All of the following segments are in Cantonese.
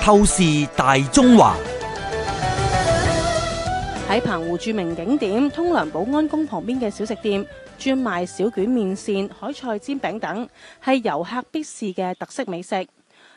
透視大中華。喺澎湖著名景點通梁保安宮旁邊嘅小食店，專賣小卷麵線、海菜煎餅等，係遊客必試嘅特色美食。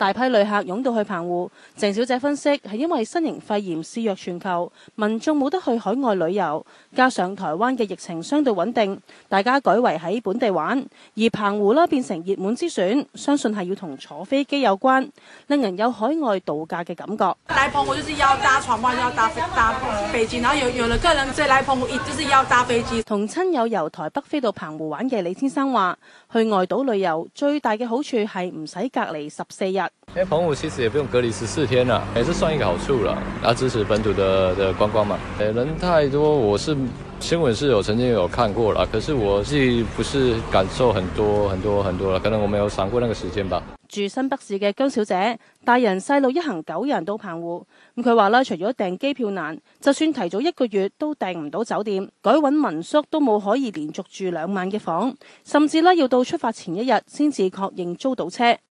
大批旅客湧到去澎湖，鄭小姐分析係因為新型肺炎肆虐全球，民眾冇得去海外旅遊，加上台灣嘅疫情相對穩定，大家改為喺本地玩，而澎湖啦變成熱門之選，相信係要同坐飛機有關，令人有海外度假嘅感覺，來澎湖就是要搭船，要搭、搭飛機，然後有，有個人，所以來澎湖就是要搭飛機。同親友由台北飛到澎湖玩嘅李先生話，去外島旅遊最大嘅好處係唔使隔離十四日。誒，澎湖其實也不用隔離十四天啦、啊，誒、欸，是算一個好處啦。然、啊、後支持本土的的觀光，光嘛。誒、欸，人太多，我是新聞是有曾經有看過啦，可是我自己不是感受很多很多很多啦？可能我沒有想過那個時間吧。住新北市嘅姜小姐，大人細路一行九人都澎湖咁，佢話啦，除咗訂機票難，就算提早一個月都訂唔到酒店，改搵民宿都冇可以連續住兩晚嘅房，甚至呢，要到出發前一日先至確認租到車。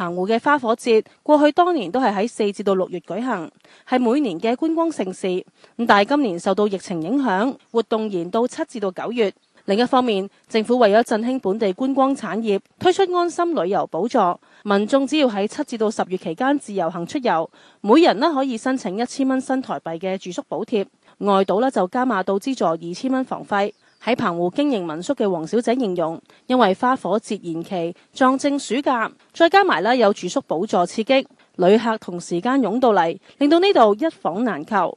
澎湖嘅花火節過去當年都係喺四至到六月舉行，係每年嘅觀光盛事。咁但係今年受到疫情影響，活動延到七至到九月。另一方面，政府為咗振興本地觀光產業，推出安心旅遊補助，民眾只要喺七至到十月期間自由行出遊，每人呢可以申請一千蚊新台幣嘅住宿補貼，外島呢就加碼到資助二千蚊房費。喺澎湖經營民宿嘅黃小姐形容，因為花火節延期、撞正暑假，再加埋啦有住宿補助刺激，旅客同時間湧到嚟，令到呢度一房難求。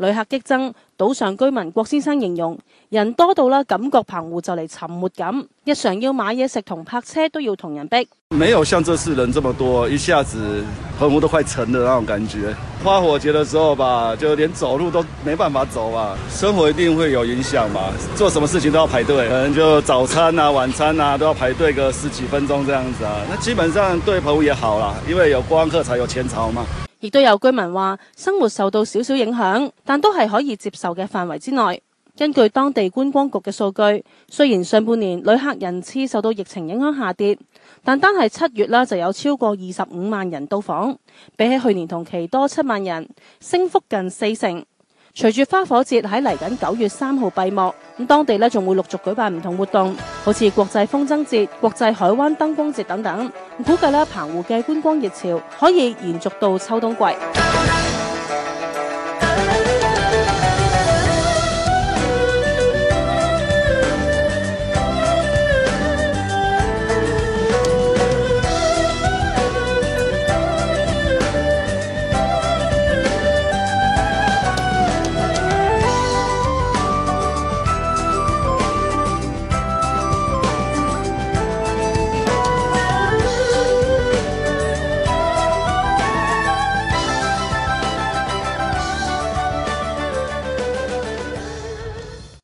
旅客激增，島上居民郭先生形容人多到啦，感覺澎湖就嚟沉沒咁。日常要買嘢食同泊車都要同人逼。沒有像這次人這麼多，一下子澎湖都快沉的那種感覺。花火節的時候吧，就連走路都沒辦法走啊。生活一定會有影響嘛，做什麼事情都要排隊，可能就早餐啊、晚餐啊都要排隊個十幾分鐘這樣子啊。那基本上對澎湖也好啦，因為有觀光客才有錢潮嘛。亦都有居民話生活受到少少影響，但都係可以接受嘅範圍之內。根據當地觀光局嘅數據，雖然上半年旅客人次受到疫情影響下跌，但單係七月啦就有超過二十五萬人到訪，比起去年同期多七萬人，升幅近四成。隨住花火節喺嚟緊九月三號閉幕，咁當地咧仲會陸續舉辦唔同活動，好似國際風箏節、國際海灣燈光節等等。咁估計咧，澎湖嘅觀光熱潮可以延續到秋冬季。